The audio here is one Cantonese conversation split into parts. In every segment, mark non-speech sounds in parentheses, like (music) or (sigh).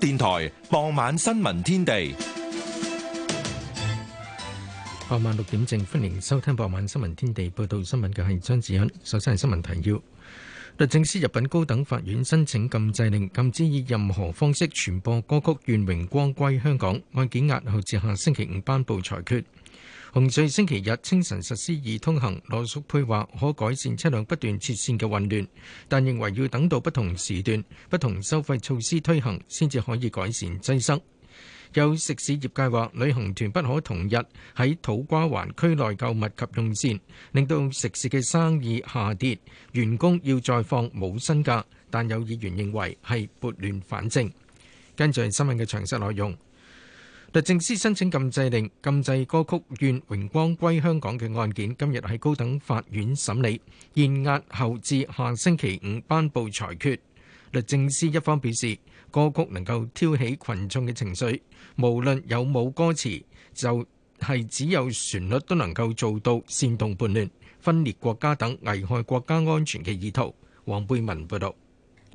電台傍晚新聞天地，傍晚六點正，歡迎收聽傍晚新聞天地。報道新聞嘅係張子欣，首先係新聞提要。律政司入禀高等法院申請禁制令，禁止以任何方式傳播歌曲《願榮光歸香港》。案件押後至下星期五頒布裁決。紅隧星期日清晨實施易通行，羅淑佩話可改善車輛不斷切線嘅混亂，但認為要等到不同時段、不同收費措施推行先至可以改善擠塞。有食肆業界話旅行團不可同日喺土瓜灣區內購物及用膳，令到食肆嘅生意下跌，員工要再放冇薪假。但有議員認為係撥亂反正。跟住係新聞嘅詳細內容。律政司申請禁制令，禁制歌曲《願榮光歸香港》嘅案件，今日喺高等法院審理，現押後至下星期五頒布裁決。律政司一方表示，歌曲能夠挑起群眾嘅情緒，無論有冇歌詞，就係只有旋律都能夠做到煽動叛亂、分裂國家等危害國家安全嘅意圖。黃貝文報道。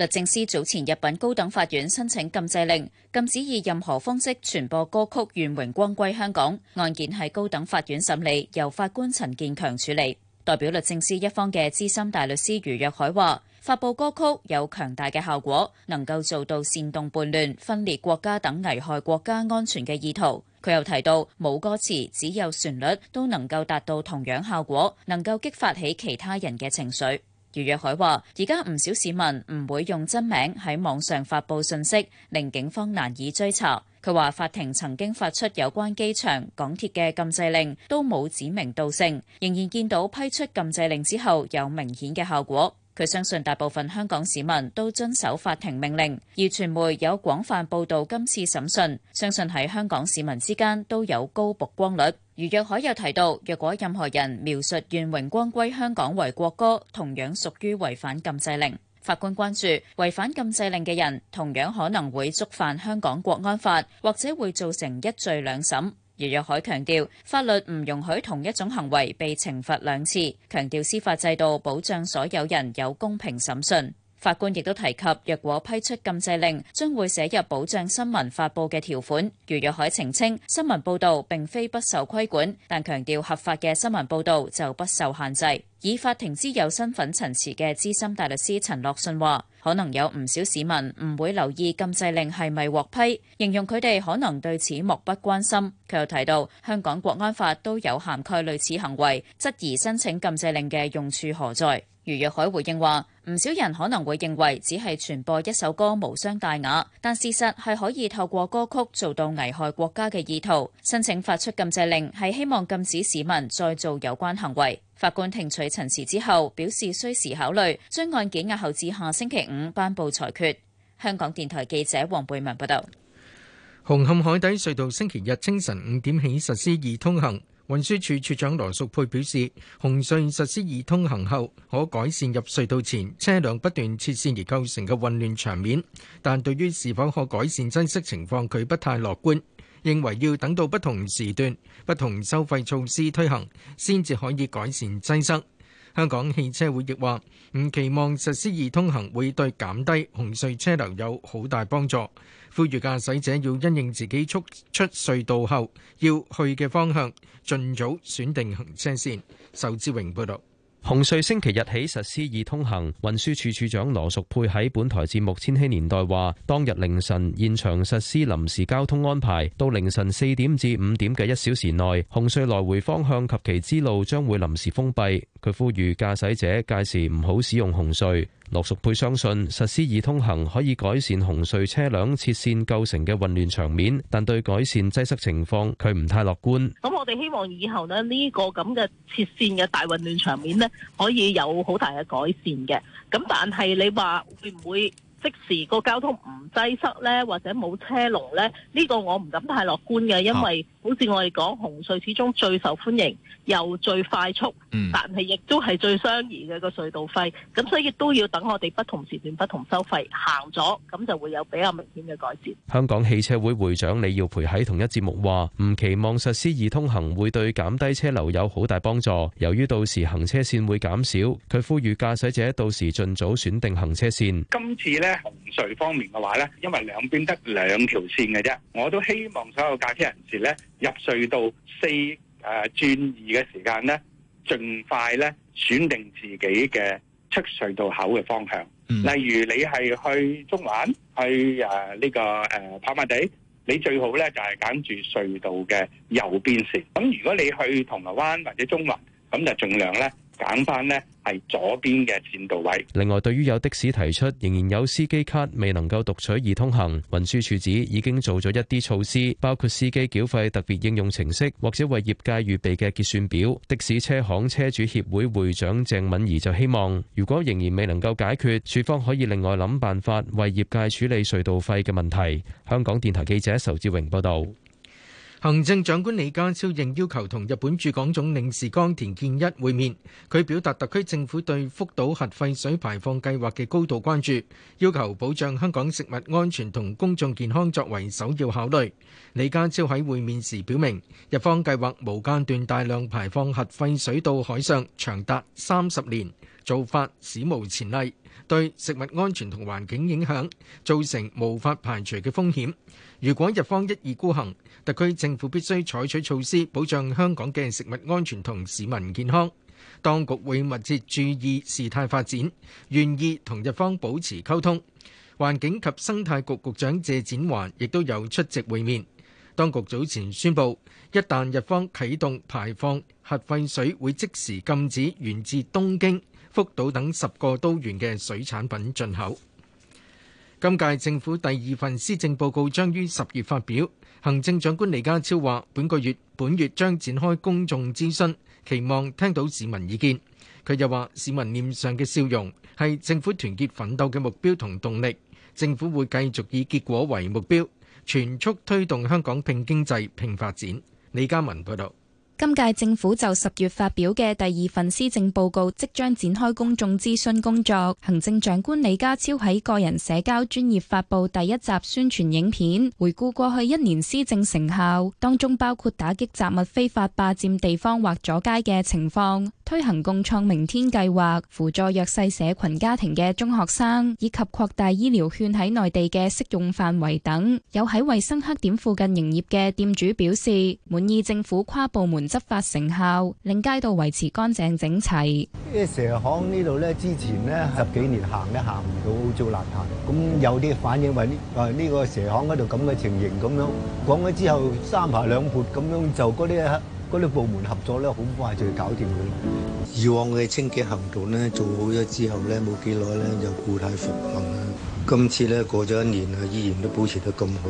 律政司早前入禀高等法院申請禁制令，禁止以任何方式傳播歌曲《願榮光歸香港》。案件喺高等法院審理，由法官陳建強處理。代表律政司一方嘅資深大律師余若海話，發布歌曲有強大嘅效果，能夠做到煽動叛亂、分裂國家等危害國家安全嘅意圖。佢又提到，冇歌詞只有旋律都能夠達到同樣效果，能夠激發起其他人嘅情緒。余若海話，而家唔少市民唔會用真名喺網上發布信息，令警方難以追查。佢話法庭曾經發出有關機場、港鐵嘅禁制令，都冇指名道姓，仍然見到批出禁制令之後有明顯嘅效果。佢相信大部分香港市民都遵守法庭命令，而傳媒有廣泛報道今次審訊，相信喺香港市民之間都有高曝光率。余若海又提到，若果任何人描述願榮光歸香港為國歌，同樣屬於違反禁制令。法官關注違反禁制令嘅人，同樣可能會觸犯香港國安法，或者會造成一罪兩審。余若海強調，法律唔容許同一種行為被懲罰兩次，強調司法制度保障所有人有公平審訊。法官亦都提及，若果批出禁制令，將會寫入保障新聞發布嘅條款。余若海澄清，新聞報導並非不受規管，但強調合法嘅新聞報導就不受限制。以法庭之友身份陳詞嘅資深大律師陳樂信話，可能有唔少市民唔會留意禁制令係咪獲批，形容佢哋可能對此漠不關心。佢又提到，香港國安法都有涵蓋類似行為，質疑申請禁制令嘅用處何在。余若海回應話：唔少人，可能會認為只係傳播一首歌無傷大雅，但事實係可以透過歌曲做到危害國家嘅意圖。申請發出禁制令係希望禁止市民再做有關行為。法官聽取陳詞之後，表示需時考慮，將案件押後至下星期五頒布裁決。香港電台記者黃貝文報道。紅磡海底隧道星期日清晨五點起實施易通行。運輸署署長羅淑佩表示，紅隧實施易通行後，可改善入隧道前車輛不斷切線而構成嘅混亂場面，但對於是否可改善擠塞情況，佢不太樂觀，認為要等到不同時段、不同收費措施推行，先至可以改善擠塞。香港汽車會亦話：唔期望實施易通行會對減低紅隧車流有好大幫助，呼籲駕駛者要因應自己速出隧道後要去嘅方向，盡早選定行車線。仇志榮報導。紅隧星期日起實施易通行，運輸署署署長羅淑佩喺本台節目《千禧年代》話，當日凌晨現場實施臨時交通安排，到凌晨四點至五點嘅一小時內，紅隧來回方向及其之路將會臨時封閉。佢呼籲駕駛者屆時唔好使用紅隧。羅淑佩相信實施易通行可以改善紅隧車輛切線構成嘅混亂場面，但對改善擠塞情況，佢唔太樂觀。咁我哋希望以後咧呢個咁嘅切線嘅大混亂場面呢可以有好大嘅改善嘅。咁但係你話會唔會即時個交通唔擠塞呢？或者冇車龍呢？呢個我唔敢太樂觀嘅，因為。好似我哋講紅隧始終最受歡迎又最快速，但係亦都係最相宜嘅個隧道費，咁所以都要等我哋不同時段不同收費行咗，咁就會有比較明顯嘅改善。香港汽車會會長李耀培喺同一節目話：唔期望實施易通行會對減低車流有好大幫助。由於到時行車線會減少，佢呼籲駕駛者到時盡早選定行車線。今次咧紅隧方面嘅話咧，因為兩邊得兩條線嘅啫，我都希望所有駕車人士咧。入隧道四誒轉二嘅時間咧，盡快咧選定自己嘅出隧道口嘅方向。例如你係去中環、去誒呢個誒跑馬地，你最好咧就係揀住隧道嘅右邊線。咁如果你去銅鑼灣或者中環，咁就盡量咧。揀翻呢，係左邊嘅線道位。另外，對於有的士提出仍然有司機卡未能夠讀取而通行，運輸署指已經做咗一啲措施，包括司機繳費特別應用程式或者為業界預備嘅結算表。的士車行車主協會會長鄭敏儀就希望，如果仍然未能夠解決，署方可以另外諗辦法為業界處理隧道費嘅問題。香港電台記者仇志榮報導。行政長官李家超應要求同日本駐港總領事岡田健一會面，佢表達特區政府對福島核廢水排放計劃嘅高度關注，要求保障香港食物安全同公眾健康作為首要考慮。李家超喺會面時表明，日方計劃無間斷大量排放核廢水到海上，長達三十年。做法史無前例，對食物安全同環境影響造成無法排除嘅風險。如果日方一意孤行，特區政府必須採取措施保障香港嘅食物安全同市民健康。當局會密切注意事態發展，願意同日方保持溝通。環境及生態局局長謝展寰亦都有出席會面。當局早前宣布，一旦日方啟動排放核廢水，會即時禁止源自東京、福島等十個都元嘅水產品進口。今屆政府第二份施政報告將於十月發表。行政長官李家超話，本個月本月將展開公眾諮詢，期望聽到市民意見，佢又話市民臉上嘅笑容係政府團結奮鬥嘅目標同動力。政府會繼續以結果為目標，全速推動香港拼經濟拼發展。李嘉文報道。今屆政府就十月發表嘅第二份施政報告，即將展開公眾諮詢工作。行政長官李家超喺個人社交專頁發佈第一集宣傳影片，回顧過去一年施政成效，當中包括打擊雜物非法霸占地方或阻街嘅情況。推行共創明天計劃，輔助弱勢社群家庭嘅中學生，以及擴大醫療券喺內地嘅適用範圍等。有喺衞生黑點附近營業嘅店主表示，滿意政府跨部門執法成效，令街道維持乾淨整齊。蛇行呢，蛇巷呢度咧，之前咧、嗯、十幾年行咧行唔到做邋遢難行。咁有啲反映話呢啊呢、呢個蛇巷嗰度咁嘅情形咁樣講咗之後，三扒兩撥咁樣就嗰啲。嗰啲部門合作咧，好快就搞掂佢。以往嘅清潔行動咧，做好咗之後咧，冇幾耐咧就故態復萌啦。今次咧過咗一年啊，依然都保持得咁好，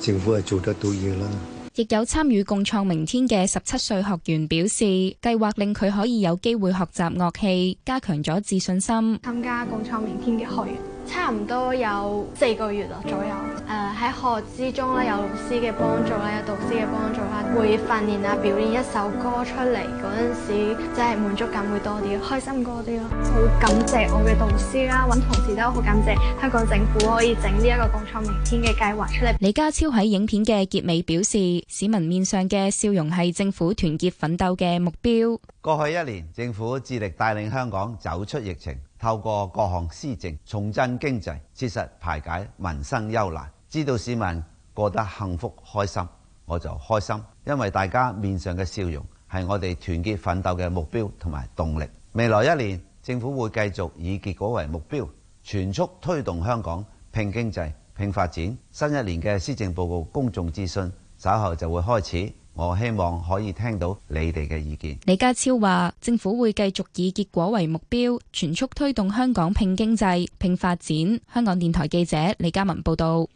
政府係做得到嘢啦。亦有參與共創明天嘅十七歲學員表示，計劃令佢可以有機會學習樂器，加強咗自信心。參加共創明天嘅學員。差唔多有四個月啦左右，誒、uh, 喺學之中咧，有老師嘅幫助咧，有導師嘅幫助啦，會訓練啊，表演一首歌出嚟嗰陣時，即係滿足感會多啲，開心多啲咯。 (music) 好感謝我嘅導師啦，咁同時都好感謝香港政府可以整呢一個共創明天嘅計劃出嚟。李家超喺影片嘅結尾表示，市民面上嘅笑容係政府團結奮鬥嘅目標。過去一年，政府致力帶領香港走出疫情。透過各項施政重振經濟，切實排解民生憂難，知道市民過得幸福開心，我就開心，因為大家面上嘅笑容係我哋團結奮鬥嘅目標同埋動力。未來一年，政府會繼續以結果為目標，全速推動香港拼經濟、拼發展。新一年嘅施政報告公眾諮詢稍後就會開始。我希望可以聽到你哋嘅意見。李家超話政府會繼續以結果為目標，全速推動香港拼經濟、拼發展。香港電台記者李嘉文報道。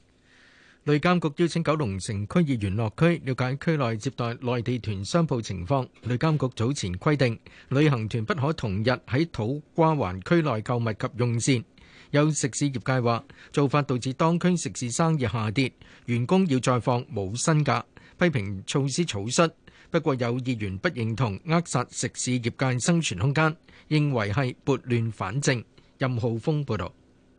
旅監局邀請九龍城區議員落區了解區內接待內地團商鋪情況。旅監局早前規定，旅行團不可同日喺土瓜灣區內購物及用膳。有食肆業界話做法導致當區食肆生意下跌，員工要再放冇薪假。批評措施草率，不過有議員不認同扼殺食肆業界生存空間，認為係撥亂反正。任浩峰報導。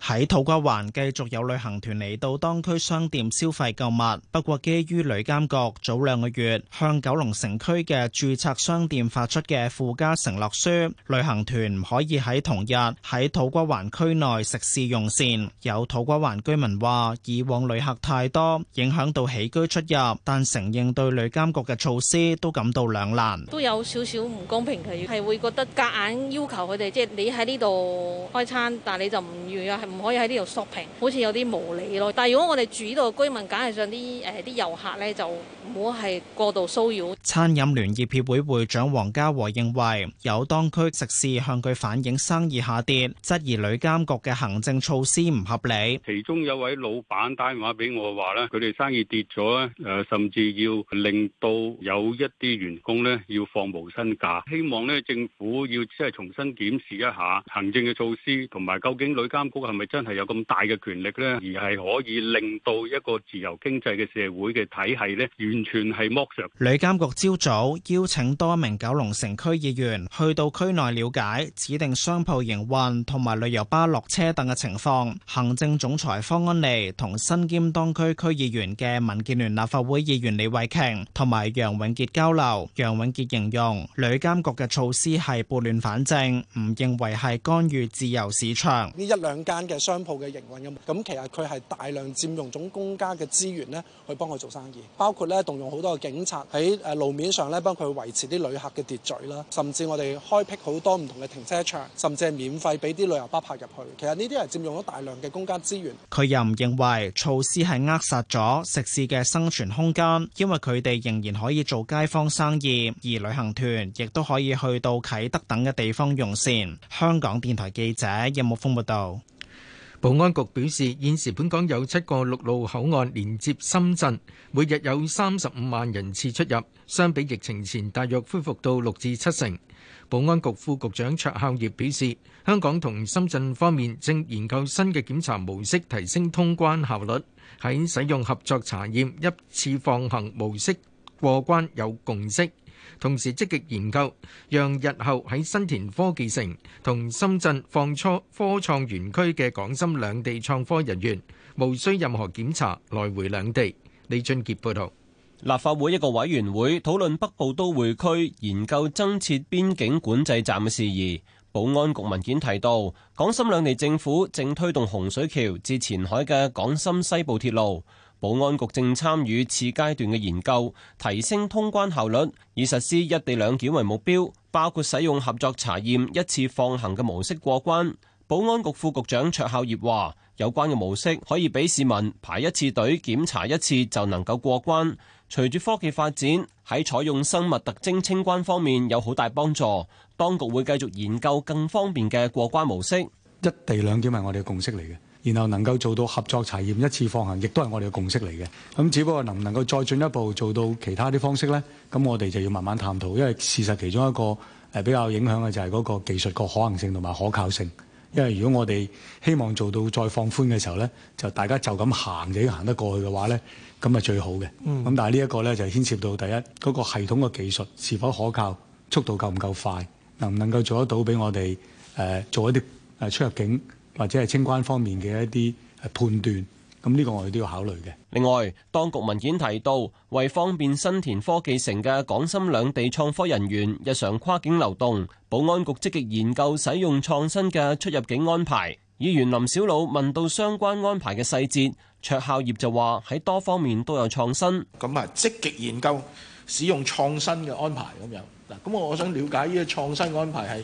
喺土瓜灣繼續有旅行團嚟到當區商店消費購物，不過基於旅監局早兩個月向九龍城區嘅註冊商店發出嘅附加承諾書，旅行團唔可以喺同日喺土瓜灣區內食肆用膳。有土瓜灣居民話：以往旅客太多，影響到起居出入，但承認對旅監局嘅措施都感到兩難，都有少少唔公平嘅，係會覺得夾硬要求佢哋，即係你喺呢度開餐，但係你就唔預係。唔可以喺呢度 shopping，好似有啲無理咯。但係如果我哋住呢度嘅居民，梗係上啲誒啲遊客咧，就唔好係過度騷擾。餐飲聯業協會會長黃家和認為，有當區食肆向佢反映生意下跌，質疑旅監局嘅行政措施唔合理。其中有位老闆打電話俾我話咧，佢哋生意跌咗咧，誒甚至要令到有一啲員工咧要放無薪假。希望咧政府要即係重新檢視一下行政嘅措施，同埋究竟旅監局係。咪真係有咁大嘅權力咧，而係可以令到一個自由經濟嘅社會嘅體系咧，完全係剝削。旅監局朝早邀請多名九龍城區議員去到區內了解指定商鋪營運同埋旅遊巴落車等嘅情況。行政總裁方安妮同身兼當區區議員嘅民建聯立法會議員李慧瓊同埋楊永傑交流。楊永傑形容旅監局嘅措施係撥亂反正，唔認為係干預自由市場。呢一兩間嘅商鋪嘅營運咁，咁其實佢係大量佔用總公家嘅資源呢，去幫佢做生意，包括呢動用好多嘅警察，喺誒，路面上呢幫佢維持啲旅客嘅秩序啦，甚至我哋開闢好多唔同嘅停車場，甚至係免費俾啲旅遊巴泊入去。其實呢啲係佔用咗大量嘅公家資源。佢又唔認為措施係扼殺咗食肆嘅生存空間，因為佢哋仍然可以做街坊生意，而旅行團亦都可以去到啟德等嘅地方用膳。香港電台記者任木峰報道。保安局表示,現時本港有七個陸路口岸連接深圳,每日有三十五萬人次出入,相比疫情前大約恢復到六至七成。保安局副局長卓孝業表示,香港同深圳方面正研究新嘅檢查模式提升通關效率,喺使用合作查驗,一次放行模式,過關有共識,同時積極研究，讓日後喺新田科技城同深圳放科創創園區嘅港深兩地創科人員無需任何檢查來回兩地。李俊傑報道，立法會一個委員會討論北部都會區，研究增設邊境管制站嘅事宜。保安局文件提到，港深兩地政府正推動洪水橋至前海嘅港深西部鐵路。保安局正參與次階段嘅研究，提升通關效率，以實施一地兩檢為目標，包括使用合作查驗一次放行嘅模式過關。保安局副局長卓孝業話，有關嘅模式可以俾市民排一次隊，檢查一次就能夠過關。隨住科技發展，喺採用生物特徵清關方面有好大幫助，當局會繼續研究更方便嘅過關模式。一地兩檢係我哋嘅共識嚟嘅。然後能夠做到合作查驗一次放行，亦都係我哋嘅共識嚟嘅。咁只不過能唔能夠再進一步做到其他啲方式呢？咁我哋就要慢慢探討。因為事實其中一個誒比較影響嘅就係嗰個技術個可行性同埋可靠性。因為如果我哋希望做到再放寬嘅時候呢，就大家就咁行就行得過去嘅話呢，咁咪最好嘅。咁、嗯、但係呢一個呢，就牽涉到第一嗰、那個系統嘅技術是否可靠，速度夠唔夠快，能唔能夠做得到俾我哋誒、呃、做一啲誒出入境？或者係清關方面嘅一啲判斷，咁、這、呢個我哋都要考慮嘅。另外，當局文件提到，為方便新田科技城嘅港深兩地創科人員日常跨境流動，保安局積極研究使用創新嘅出入境安排。議員林小魯問到相關安排嘅細節，卓孝業就話喺多方面都有創新，咁啊積極研究使用創新嘅安排咁樣。嗱，咁我想了解呢個創新安排係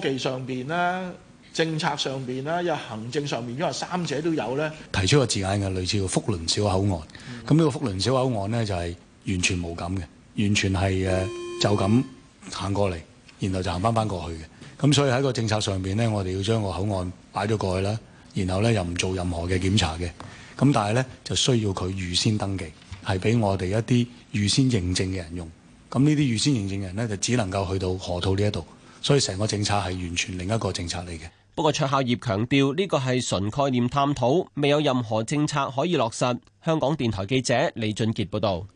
科技上面呢。政策上邊啦，又行政上面，因為三者都有咧。提出個字眼嘅，類似叫福倫小口岸，咁呢、嗯、個福倫小口岸咧就係、是、完全冇咁嘅，完全係誒、呃、就咁行過嚟，然後就行翻翻過去嘅。咁所以喺個政策上邊咧，我哋要將個口岸擺咗過去啦，然後咧又唔做任何嘅檢查嘅。咁但係咧就需要佢預先登記，係俾我哋一啲預先認證嘅人用。咁呢啲預先認證嘅人咧就只能夠去到河套呢一度，所以成個政策係完全另一個政策嚟嘅。不過，卓校，卓孝業強調呢個係純概念探討，未有任何政策可以落實。香港電台記者李俊傑報導，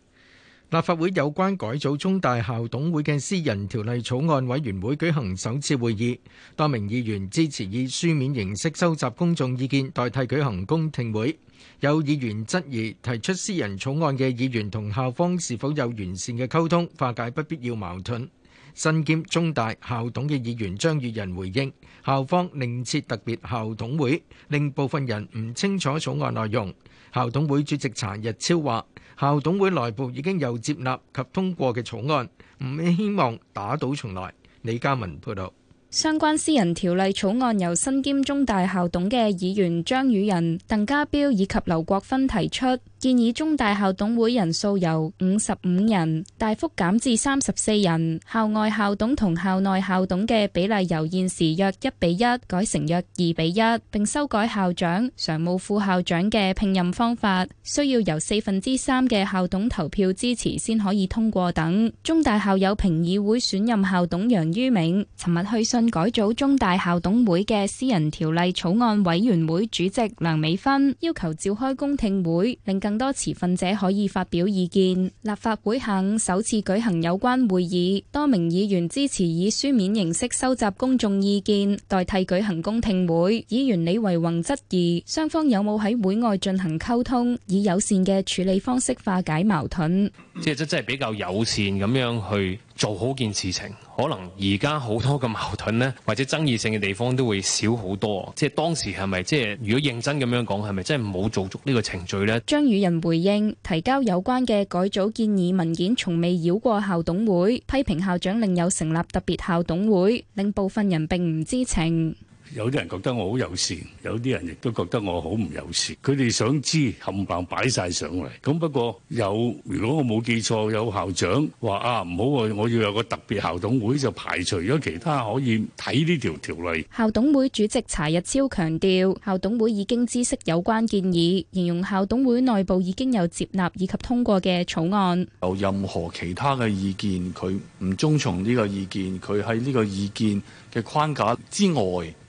立法會有關改組中大校董會嘅私人條例草案委員會舉行首次會議，多名議員支持以書面形式收集公眾意見，代替舉行公聽會。有議員質疑提出私人草案嘅議員同校方是否有完善嘅溝通，化解不必要矛盾。身兼中大校董嘅議員張宇人回應校方另設特別校董會令部分人唔清楚草案內容。校董會主席查日超話校董會內部已經有接納及通過嘅草案，唔希望打倒重來。李嘉文報道。相關私人條例草案由身兼中大校董嘅議員張宇人、鄧家彪以及劉國芬提出，建議中大校董會人數由五十五人大幅減至三十四人，校外校董同校內校董嘅比例由現時約一比一改成約二比一，並修改校長、常務副校長嘅聘任方法，需要由四分之三嘅校董投票支持先可以通過等。中大校友評議會選任校董楊于明，尋日去信改組中大校董會嘅私人條例草案委員會主席梁美芬，要求召開公聽會，令更多持份者可以發表意見。立法會下午首次舉行有關會議，多名議員支持以書面形式收集公眾意見，代替舉行公聽會。議員李維宏質疑，雙方有冇喺會外進行溝通，以友善嘅處理方式化解矛盾。即即即係比較友善咁樣去。做好件事情，可能而家好多嘅矛盾呢，或者爭議性嘅地方都會少好多。即係當時係咪即係如果認真咁樣講，係咪真係冇做足呢個程序呢？張宇人回應提交有關嘅改組建議文件，從未繞過校董會，批評校長另有成立特別校董會，令部分人並唔知情。有啲人覺得我好友善，有啲人亦都覺得我好唔友善。佢哋想知冚棒擺晒上嚟。咁不過有，如果我冇記錯，有校長話啊唔好啊，我要有個特別校董會，就排除咗其他可以睇呢條條例。校董會主席查日超強調，校董會已經知悉有關建議，形容校董會內部已經有接納以及通過嘅草案。有任何其他嘅意見，佢唔遵從呢個意見，佢喺呢個意見嘅框架之外，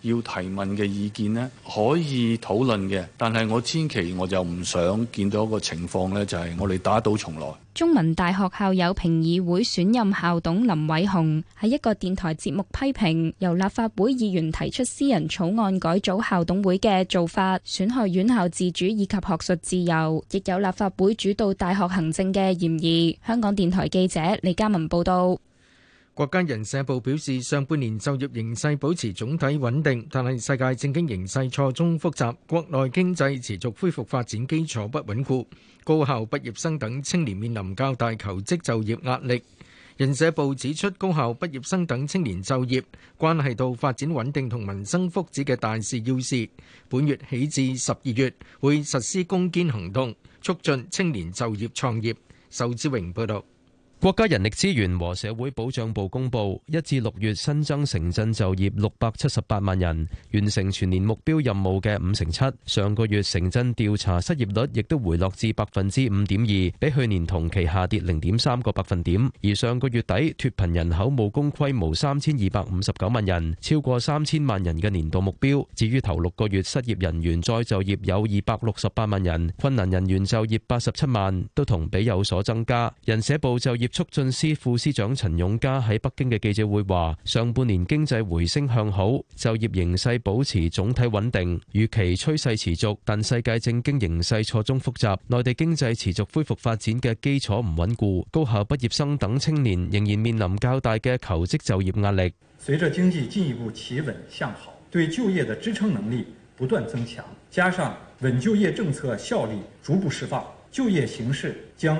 要提問嘅意見呢，可以討論嘅。但係我千祈我就唔想見到一個情況呢，就係我哋打倒重來。中文大學校友評議會選任校董林偉雄，喺一個電台節目批評由立法會議員提出私人草案改組校董會嘅做法，損害院校自主以及學術自由，亦有立法會主導大學行政嘅嫌疑。香港電台記者李嘉文報道。國家人社部表示，上半年就業形勢保持總體穩定，但係世界政經形勢錯綜複雜，國內經濟持續恢復發展基礎不穩固，高校畢業生等青年面臨較大求職就業壓力。人社部指出，高校畢業生等青年就業關係到發展穩定同民生福祉嘅大事要事。本月起至十二月，會實施攻堅行動，促進青年就業創業。仇志榮報道。國家人力資源和社會保障部公布，一至六月新增城鎮就業六百七十八萬人，完成全年目標任務嘅五成七。上個月城鎮調查失業率亦都回落至百分之五點二，比去年同期下跌零點三個百分點。而上個月底脱貧人口務工規模三千二百五十九萬人，超過三千萬人嘅年度目標。至於頭六個月失業人員再就業有二百六十八萬人，困難人員就業八十七萬，都同比有所增加。人社部就業促進司副司長陳勇嘉喺北京嘅記者會話，上半年經濟回升向好，就業形勢保持總體穩定，預期趨勢持續，但世界政經形勢錯綜複雜，內地經濟持續恢復發展嘅基礎唔穩固，高校畢業生等青年仍然面臨較大嘅求職就業壓力。隨着經濟進一步企穩向好，對就業嘅支撐能力不斷增強，加上穩就業政策效力逐步釋放，就業形勢將。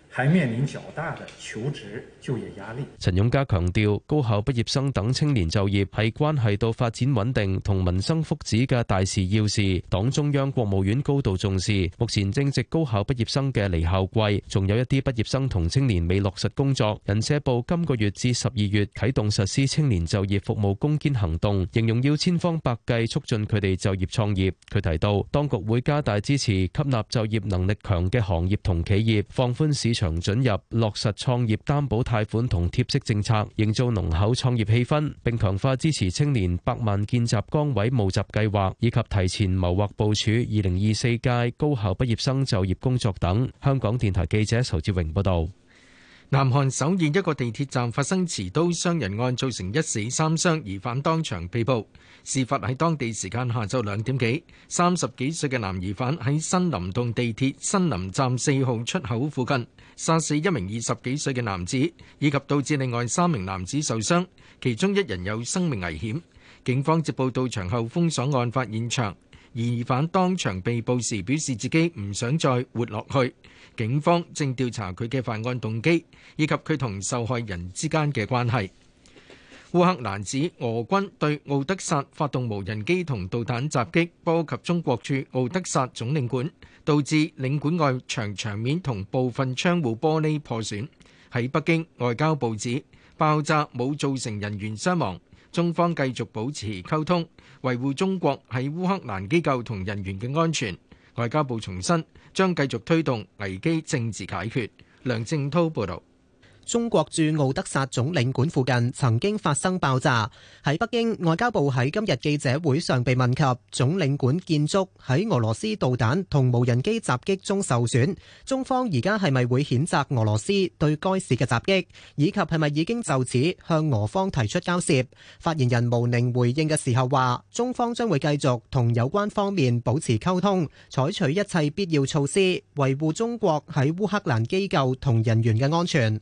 還面臨較大的求職就業壓力。陳勇家強調，高校畢業生等青年就業係關係到發展穩定同民生福祉嘅大事要事，黨中央、國務院高度重視。目前正值高校畢業生嘅離校季，仲有一啲畢業生同青年未落實工作。人社部今個月至十二月啟動實施青年就業服務攻堅行動，形容要千方百計促進佢哋就業創業。佢提到，當局會加大支持，吸納就業能力強嘅行業同企業，放寬市場。場准入，落實創業擔保貸款同貼息政策，營造濃厚創業氣氛，並強化支持青年百萬見習崗位募集計劃，以及提前謀劃部署二零二四屆高校畢業生就業工作等。香港電台記者仇志榮報道。南韓首爾一個地鐵站發生持刀傷人案，造成一死三傷，疑犯當場被捕。事發喺當地時間下晝兩點幾，三十幾歲嘅男疑犯喺新林洞地鐵新林站四號出口附近殺死一名二十幾歲嘅男子，以及導致另外三名男子受傷，其中一人有生命危險。警方接報到場後，封鎖案發現場。疑犯當場被捕時表示自己唔想再活落去，警方正調查佢嘅犯案動機以及佢同受害人之間嘅關係。烏克蘭指俄軍對敖德薩發動無人機同導彈襲擊，波及中國駐敖德薩總領館，導致領館外牆牆面同部分窗戶玻璃破損。喺北京，外交部指爆炸冇造成人員傷亡。中方繼續保持溝通，維護中國喺烏克蘭機構同人員嘅安全。外交部重申，將繼續推動危機政治解決。梁正滔報導。中國駐奧德薩總領館附近曾經發生爆炸。喺北京，外交部喺今日記者會上被問及總領館建築喺俄羅斯導彈同無人機襲擊中受損，中方而家係咪會譴責俄羅斯對該市嘅襲擊，以及係咪已經就此向俄方提出交涉？發言人毛寧回應嘅時候話，中方將會繼續同有關方面保持溝通，採取一切必要措施，維護中國喺烏克蘭機構同人員嘅安全。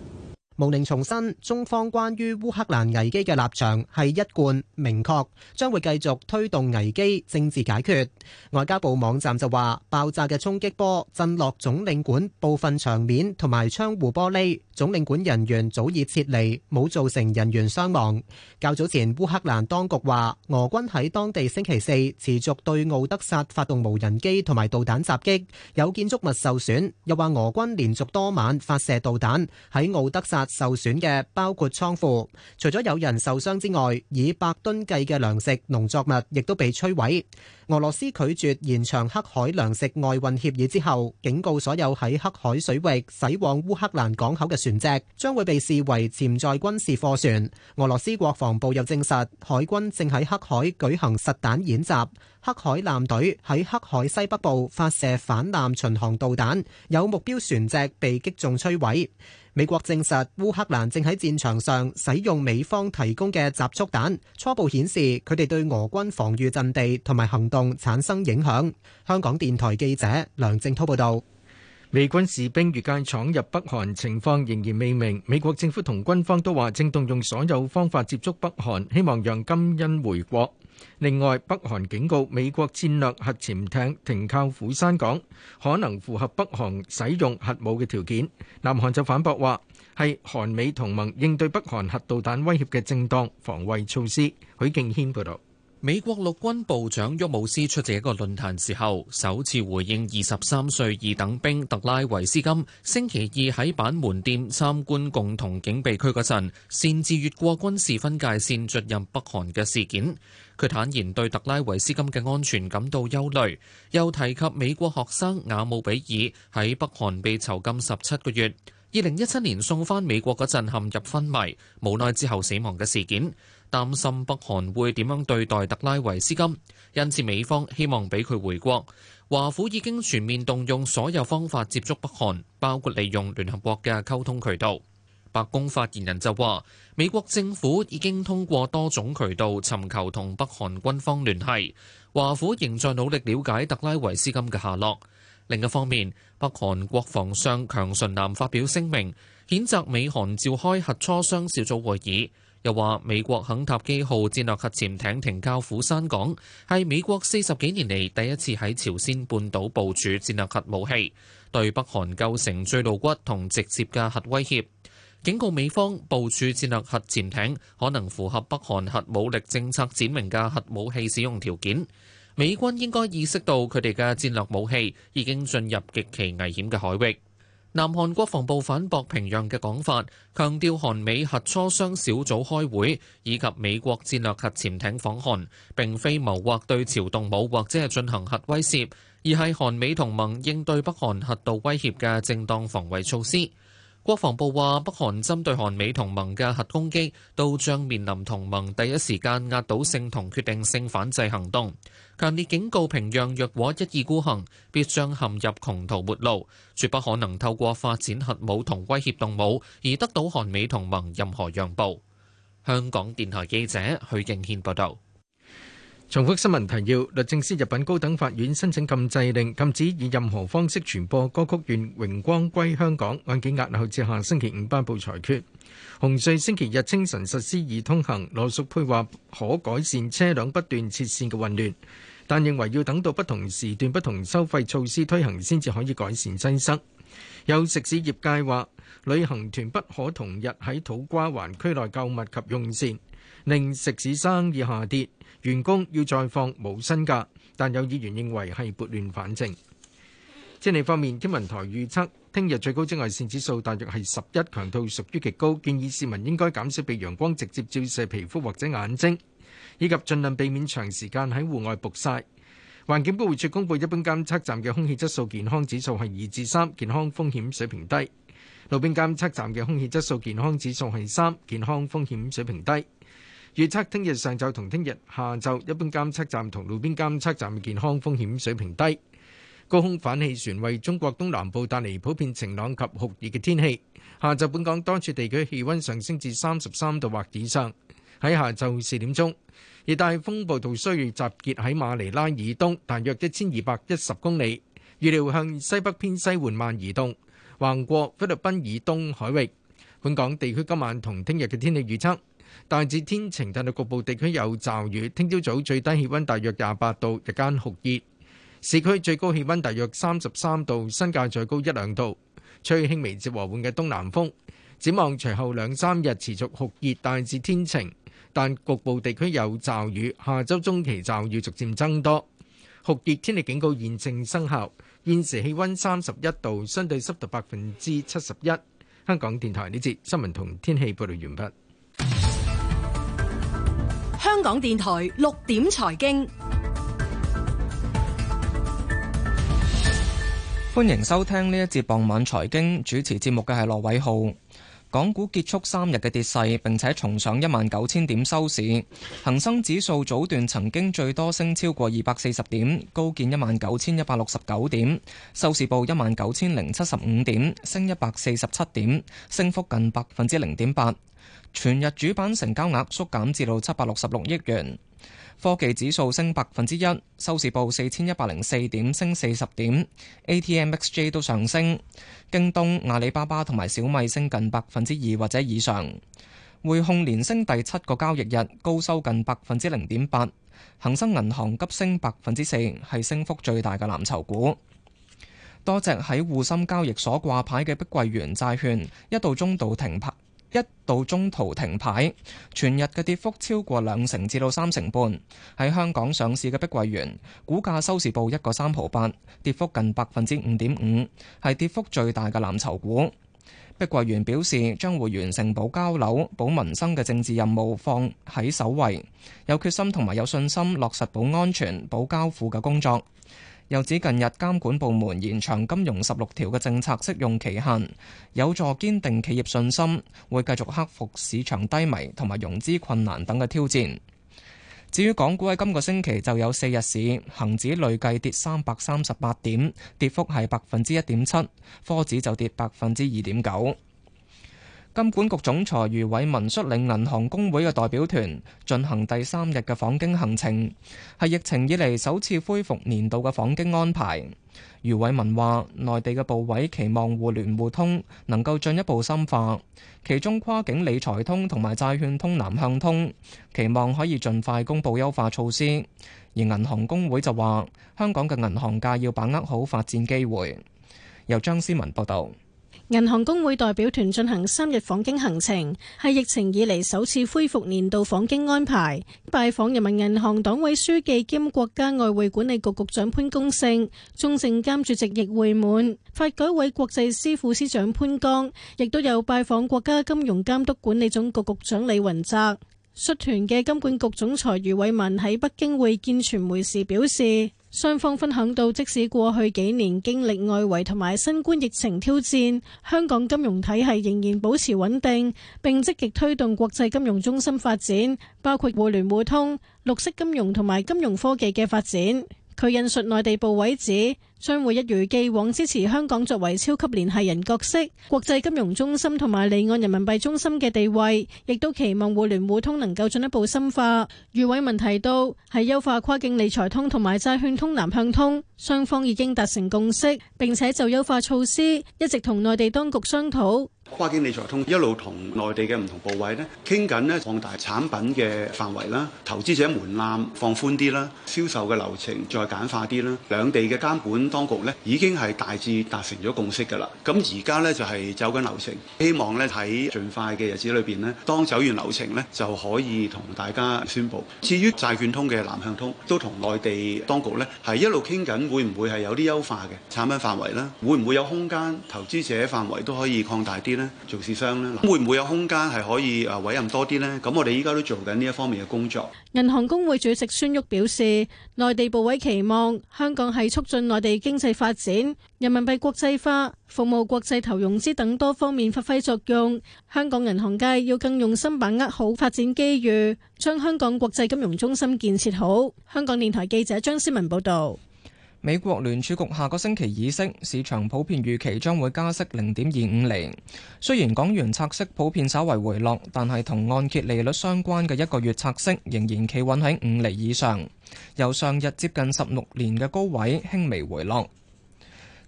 毛寧重申，中方關於烏克蘭危機嘅立場係一貫明確，將會繼續推動危機政治解決。外交部網站就話，爆炸嘅衝擊波震落總領館部分牆面同埋窗戶玻璃，總領館人員早已撤離，冇造成人員傷亡。較早前，烏克蘭當局話，俄軍喺當地星期四持續對敖德薩發動無人機同埋導彈襲擊，有建築物受損。又話俄軍連續多晚發射導彈喺敖德薩。受損嘅包括倉庫，除咗有人受傷之外，以百噸計嘅糧食農作物亦都被摧毀。俄羅斯拒絕延長黑海糧食外運協議之後，警告所有喺黑海水域駛往烏克蘭港口嘅船隻將會被視為潛在軍事貨船。俄羅斯國防部又證實，海軍正喺黑海舉行實彈演習，黑海艦隊喺黑海西北部發射反艦巡航導彈，有目標船隻被擊中摧毀。美國證實烏克蘭正喺戰場上使用美方提供嘅集束彈，初步顯示佢哋對俄軍防禦陣地同埋行動產生影響。香港電台記者梁正濤報道。美軍士兵越界闖入北韓，情況仍然未明。美國政府同軍方都話正動用所有方法接觸北韓，希望讓金恩回國。另外，北韓警告美國戰略核潛艇停靠釜山港，可能符合北韓使用核武嘅條件。南韓就反駁話，係韓美同盟應對北韓核導彈威脅嘅正當防衛措施。許敬軒報道，美國陸軍部長沃姆斯出席一個論壇時候，首次回應二十三歲二等兵特拉維斯金星期二喺板門店參觀共同警備區嗰陣，擅自越過軍事分界線進入北韓嘅事件。佢坦言對特拉維斯金嘅安全感到憂慮，又提及美國學生雅姆比爾喺北韓被囚禁十七個月，二零一七年送翻美國嗰陣陷入昏迷，無奈之後死亡嘅事件，擔心北韓會點樣對待特拉維斯金，因此美方希望俾佢回國。華府已經全面動用所有方法接觸北韓，包括利用聯合國嘅溝通渠道。白宮發言人就話：美國政府已經通過多種渠道尋求同北韓軍方聯繫，華府仍在努力了解特拉維斯金嘅下落。另一方面，北韓國防相強順南發表聲明，譴責美韓召開核磋商小組會議，又話美國肯塔基號戰略核潛艇停靠釜山港，係美國四十幾年嚟第一次喺朝鮮半島部署戰略核武器，對北韓構成最露骨同直接嘅核威脅。警告美方部署戰略核潛艇可能符合北韓核武力政策展明嘅核武器使用條件，美軍應該意識到佢哋嘅戰略武器已經進入極其危險嘅海域。南韓國防部反駁平壤嘅講法，強調韓美核磋商小組開會以及美國戰略核潛艇訪韓並非謀劃對朝動武或者係進行核威脅，而係韓美同盟應對北韓核導威脅嘅正當防衛措施。國防部話：北韓針對韓美同盟嘅核攻擊，都將面臨同盟第一時間壓倒性同決定性反制行動。強烈警告平壤，若果一意孤行，必將陷入窮途末路，絕不可能透過發展核武同威脅動武而得到韓美同盟任何讓步。香港電台記者許敬軒報導。重複新聞提要：律政司入稟高等法院申請禁制令，禁止以任何方式傳播歌曲《願榮光歸香港》案件押後至下星期五頒佈裁決。紅隧星期日清晨實施易通行，羅淑佩話可改善車輛不斷切線嘅混亂，但認為要等到不同時段、不同收費措施推行先至可以改善擠塞。有食肆業界話，旅行團不可同日喺土瓜灣區內購物及用膳，令食肆生意下跌。員工要再放冇薪假，但有議員認為係撥亂反正。天氣方面，天文台預測聽日最高紫外線指數大約係十一強度，屬於極高，建議市民應該減少被陽光直接照射皮膚或者眼睛，以及盡量避免長時間喺戶外曝曬。環境保護署公布一般監測站嘅空氣質素健康指數係二至三，健康風險水平低；路邊監測站嘅空氣質素健康指數係三，健康風險水平低。預測聽日上晝同聽日下晝，一般監測站同路邊監測站健康風險水平低。高空反氣旋為中國東南部帶嚟普遍晴朗及酷熱嘅天氣。下晝本港多處地區氣温上升至三十三度或以上。喺下晝四點鐘，熱帶風暴杜蘇芮集結喺馬尼拉以東，大約一千二百一十公里。預料向西北偏西緩慢移動，橫過菲律賓以東海域。本港地區今晚同聽日嘅天氣預測。大致天晴，但係局部地區有驟雨。聽朝早最低氣溫大約廿八度，日間酷熱，市區最高氣溫大約三十三度，新界再高一兩度。吹輕微至和緩嘅東南風。展望隨後兩三日持續酷熱，大致天晴，但局部地區有驟雨，下周中期驟雨逐漸增多。酷熱天氣警告現正生效。現時氣溫三十一度，相對濕度百分之七十一。香港電台呢節新聞同天氣報道完畢。香港電台六點財經，歡迎收聽呢一節傍晚財經，主持節目嘅係羅偉浩。港股結束三日嘅跌勢，並且重上一萬九千點收市。恒生指數早段曾經最多升超過二百四十點，高見一萬九千一百六十九點，收市報一萬九千零七十五點，升一百四十七點，升幅近百分之零點八。全日主板成交額縮減，減至到七百六十六億元。科技指數升百分之一，收市報四千一百零四點，升四十點。ATMXJ 都上升，京東、阿里巴巴同埋小米升近百分之二或者以上。匯控連升第七個交易日，高收近百分之零點八。恒生銀行急升百分之四，係升幅最大嘅藍籌股。多隻喺滬深交易所掛牌嘅碧桂園債券一度中度停牌。一度中途停牌，全日嘅跌幅超過兩成至到三成半。喺香港上市嘅碧桂園，股價收市報一個三毫八，跌幅近百分之五點五，係跌幅最大嘅藍籌股。碧桂園表示將會完成保交樓、保民生嘅政治任務放喺首位，有決心同埋有信心落實保安全、保交付嘅工作。又指近日監管部門延長金融十六條嘅政策適用期限，有助堅定企業信心，會繼續克服市場低迷同埋融資困難等嘅挑戰。至於港股喺今個星期就有四日市，恒指累計跌三百三十八點，跌幅係百分之一點七，科指就跌百分之二點九。金管局總裁余偉文率領銀行工會嘅代表團進行第三日嘅訪京行程，係疫情以嚟首次恢復年度嘅訪京安排。余偉文話：內地嘅部委期望互聯互通能夠進一步深化，其中跨境理財通同埋債券通南向通，期望可以盡快公佈優化措施。而銀行工會就話：香港嘅銀行界要把握好發展機會。由張思文報道。銀行公會代表團進行三日訪京行程，係疫情以嚟首次恢復年度訪京安排。拜訪人民銀行黨委書記兼國家外匯管理局局長潘功勝，中證監主席易會滿。發改委國際司副司長潘剛亦都有拜訪國家金融監督管理總局局長李雲澤。率團嘅金管局總裁余偉文喺北京會見傳媒時表示，雙方分享到，即使過去幾年經歷外圍同埋新冠疫情挑戰，香港金融體系仍然保持穩定，並積極推動國際金融中心發展，包括互聯互通、綠色金融同埋金融科技嘅發展。佢引述內地部委指，將會一如既往支持香港作為超級聯繫人角色、國際金融中心同埋離岸人民幣中心嘅地位，亦都期望互聯互通能夠進一步深化。余偉文提到，係優化跨境理財通同埋債券通南向通，雙方已經達成共識，並且就優化措施一直同內地當局商討。跨境理財通一路同內地嘅唔同部委咧傾緊咧，擴大產品嘅範圍啦，投資者門檻放寬啲啦，銷售嘅流程再簡化啲啦，兩地嘅監管當局咧已經係大致達成咗共識㗎啦。咁而家咧就係走緊流程，希望咧喺盡快嘅日子裏邊咧，當走完流程咧就可以同大家宣布。至於債券通嘅南向通，都同內地當局咧係一路傾緊會唔會係有啲優化嘅產品範圍啦？會唔會有空間投資者範圍都可以擴大啲咧？做市商呢，會唔會有空間係可以啊委任多啲呢？咁我哋依家都做緊呢一方面嘅工作。銀行公會主席孫煜表示，內地部委期望香港係促進內地經濟發展、人民幣國際化、服務國際投融資等多方面發揮作用。香港銀行界要更用心把握好發展機遇，將香港國際金融中心建設好。香港電台記者張思文報導。美國聯儲局下個星期議息，市場普遍預期將會加息零點二五厘。雖然港元拆息普遍稍為回落，但係同按揭利率相關嘅一個月拆息仍然企穩喺五厘以上，由上日接近十六年嘅高位輕微回落。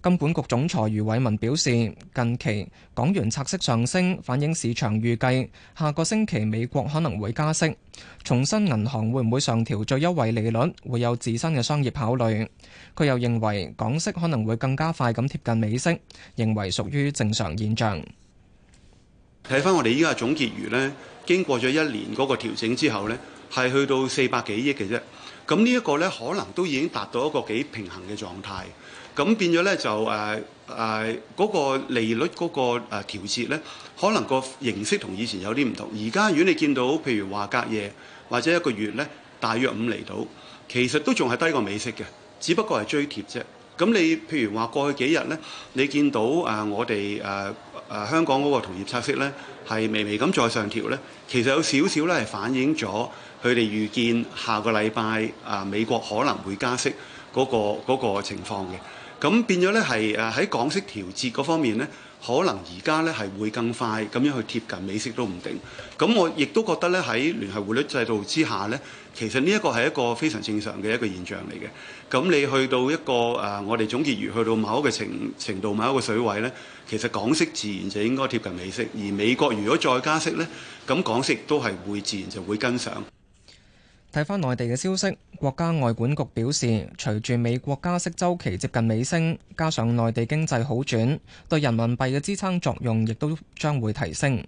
金管局總裁余偉文表示，近期港元拆息上升，反映市場預計下個星期美國可能會加息。重新銀行會唔會上調最優惠利率，會有自身嘅商業考慮。佢又認為港息可能會更加快咁貼近美息，認為屬於正常現象。睇翻我哋依家總結餘咧，經過咗一年嗰個調整之後咧，係去到四百幾億嘅啫。咁呢一個咧，可能都已經達到一個幾平衡嘅狀態。咁變咗咧就誒誒嗰個利率嗰、嗰個誒、啊、調節咧，可能個形式同以前有啲唔同。而家如果你見到譬如話隔夜或者一個月咧，大約五厘到，其實都仲係低過美息嘅，只不過係追貼啫。咁你譬如話過去幾日咧，你見到誒、啊、我哋誒誒香港嗰個同業拆息咧，係微微咁再上調咧，其實有少少咧係反映咗佢哋預見下個禮拜啊美國可能會加息嗰、嗰個嗰、嗰個情況嘅。咁變咗咧係誒喺港息調節嗰方面咧，可能而家咧係會更快咁樣去貼近美息都唔定。咁我亦都覺得咧喺聯繫匯率制度之下咧，其實呢一個係一個非常正常嘅一個現象嚟嘅。咁你去到一個誒、啊，我哋總結如去到某一個程程度、某一個水位咧，其實港息自然就應該貼近美息，而美國如果再加息咧，咁港息都係會自然就會跟上。睇翻內地嘅消息，國家外管局表示，隨住美國加息周期接近尾聲，加上內地經濟好轉，對人民幣嘅支撐作用亦都將會提升。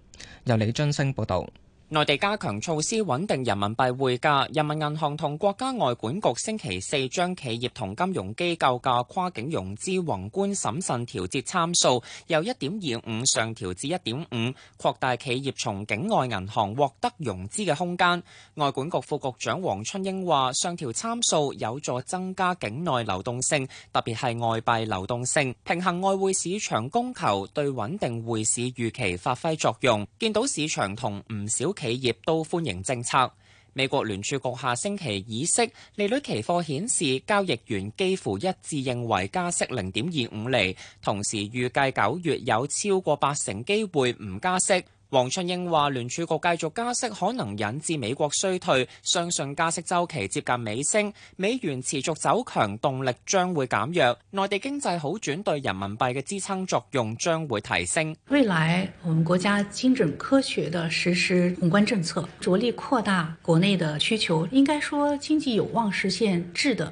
由李津升報導。內地加強措施穩定人民幣匯價。人民銀行同國家外管局星期四將企業同金融機構嘅跨境融資宏觀審慎調節參數由一點二五上調至一點五，擴大企業從境外銀行獲得融資嘅空間。外管局副局長黃春英話：上調參數有助增加境內流動性，特別係外幣流動性，平衡外匯市場供求，對穩定匯市預期發揮作用。見到市場同唔少，企業都歡迎政策。美國聯儲局下星期議息，利率期貨顯示，交易員幾乎一致認為加息0.25厘，同時預計九月有超過八成機會唔加息。黃春英話：聯儲局繼續加息可能引致美國衰退，相信加息周期接近尾聲，美元持續走強動力將會減弱，內地經濟好轉對人民幣嘅支撐作用將會提升。未來我們國家精準科學的實施宏觀政策，着力擴大國內的需求，應該說經濟有望實現質的。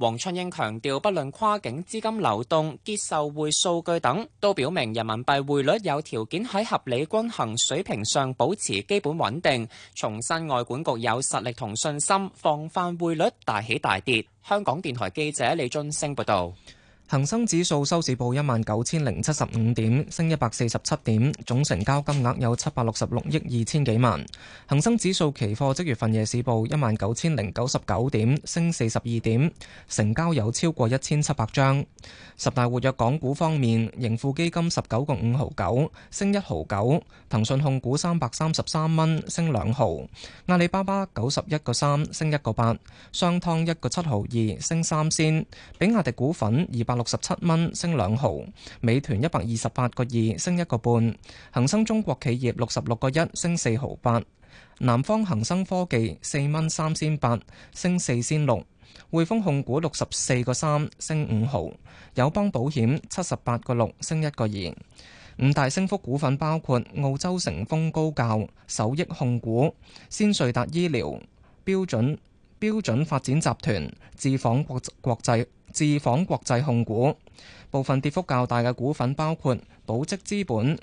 黃春英強調，不論跨境資金流動、結售匯數據等，都表明人民幣匯率有條件喺合理均衡水平上保持基本穩定。重申外管局有實力同信心，防範匯率大起大跌。香港電台記者李俊升報道。恒生指數收市報一萬九千零七十五點，升一百四十七點，總成交金額有七百六十六億二千幾萬。恒生指數期貨即月份夜市報一萬九千零九十九點，升四十二點，成交有超過一千七百張。十大活躍港股方面，盈富基金十九個五毫九，升一毫九；騰訊控股三百三十三蚊，升兩毫；阿里巴巴九十一個三，升一個八；商湯一個七毫二，升三仙；比亞迪股份二百六十七蚊，升兩毫；美團一百二十八個二，升一個半；恒生中國企業六十六個一，升四毫八；南方恒生科技四蚊三千八，升四千六；匯豐控股六十四個三，升五毫；友邦保險七十八個六，升一個二。五大升幅股份包括澳洲成峰高教、首益控股、先瑞達醫療、標準標準發展集團、智訪國國際自仿國際控股，部分跌幅較大嘅股份包括寶積資本、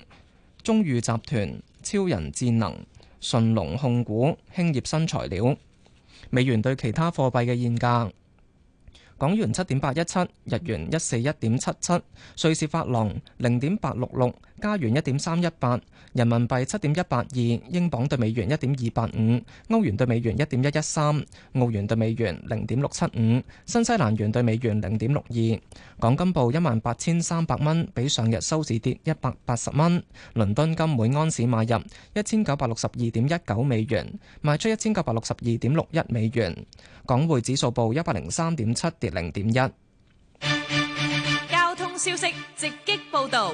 中裕集團、超人智能、順龍控股、興業新材料。美元對其他貨幣嘅現價：港元七點八一七，日元一四一點七七，瑞士法郎零點八六六。加元一點三一八，18, 人民幣七點一八二，英鎊對美元一點二八五，歐元對美元一點一一三，澳元對美元零點六七五，新西蘭元對美元零點六二。港金報一萬八千三百蚊，比上日收市跌一百八十蚊。倫敦金每安士買入一千九百六十二點一九美元，賣出一千九百六十二點六一美元。港匯指數報一百零三點七，跌零點一。交通消息直擊報導。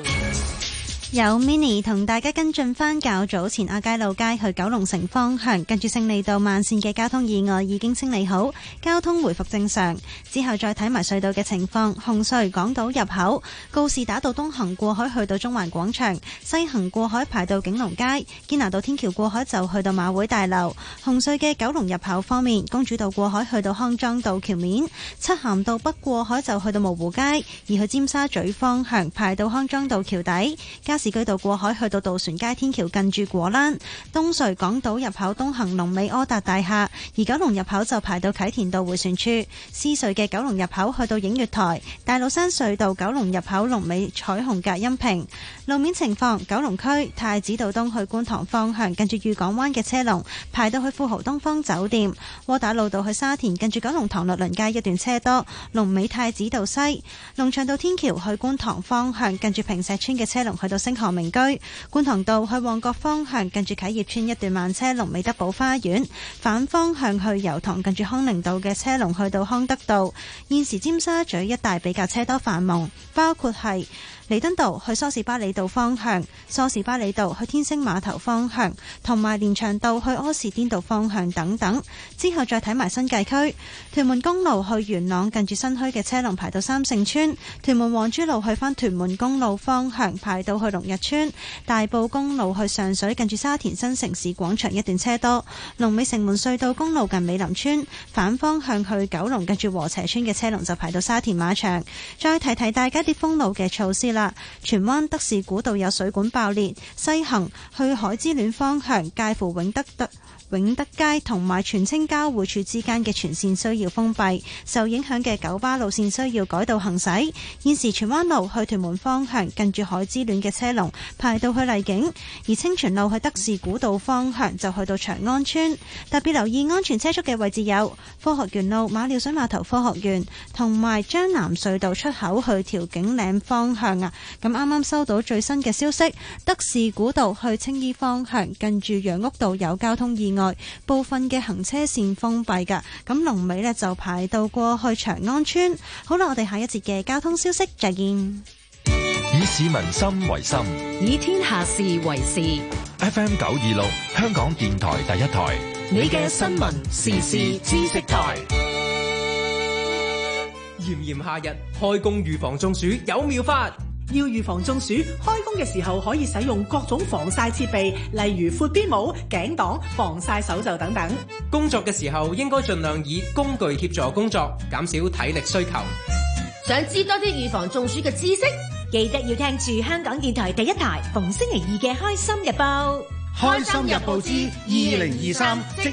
有 mini 同大家跟進返較早前亞皆老街去九龍城方向，近住勝利道慢線嘅交通意外已經清理好，交通回復正常。之後再睇埋隧道嘅情況。紅隧港島入口，告士打道東行過海去到中環廣場，西行過海排到景隆街，堅拿道天橋過海就去到馬會大樓。紅隧嘅九龍入口方面，公主道過海去到康莊道橋面，漆咸道北過海就去到蕪湖街，而去尖沙咀方向排到康莊道橋底，加士居道過海去到渡船街天橋，近住果欄，東隧港島入口東行龍尾柯達大廈；而九龍入口就排到啟田道回旋處。獅隧嘅九龍入口去到映月台，大老山隧道九龍入口龍尾彩虹隔音屏。路面情況：九龍區太子道東去觀塘方向，近住御港灣嘅車龍排到去富豪東方酒店。窩打老道去沙田，近住九龍塘樂鄰街一段車多。龍尾太子道西，龍翔道天橋去觀塘方向，近住平石村嘅車龍去到西。唐明居、觀塘道去旺角方向，近住啟業村一段慢車龍尾德寶花園；反方向去油塘，近住康寧道嘅車龍去到康德道。現時尖沙咀一帶比較車多繁忙，包括係。彌敦道去梳士巴利道方向，梳士巴利道去天星碼頭方向，同埋連翔道去柯士甸道方向等等。之後再睇埋新界區，屯門公路去元朗近住新墟嘅車龍排到三聖邨；屯門皇珠路去翻屯門公路方向排到去龍逸邨；大埔公路去上水近住沙田新城市廣場一段車多；龍尾城門隧道公路近美林邨反方向去九龍近住禾輋邨嘅車龍就排到沙田馬場。再提提大家啲封路嘅措施啦。荃灣德士古道有水管爆裂，西行去海之戀方向，介乎永德德永德街同埋荃青交匯處之間嘅全線需要封閉，受影響嘅九巴路線需要改道行駛。現時荃灣路去屯門方向近住海之戀嘅車龍排到去麗景，而青荃路去德士古道方向就去到長安邨。特別留意安全車速嘅位置有科學園路、馬料水碼頭科學園，同埋將藍隧道出口去調景嶺方向啊。咁啱啱收到最新嘅消息，德士古道去青衣方向近住楊屋道有交通意外，部分嘅行車線封閉噶，咁龍尾咧就排到過去長安村。好啦，我哋下一節嘅交通消息再見。以市民心為心，以天下事為事。FM 九二六，香港電台第一台，你嘅新聞時事知識台。炎炎夏日，開工預防中暑有妙法。要預防中暑，開工嘅時候可以使用各種防曬設備，例如闊邊帽、頸擋、防曬手袖等等。工作嘅時候應該盡量以工具協助工作，減少體力需求。想知多啲預防中暑嘅知識，記得要聽住香港電台第一台逢星期二嘅《開心日報》。開心日報之二零二三即。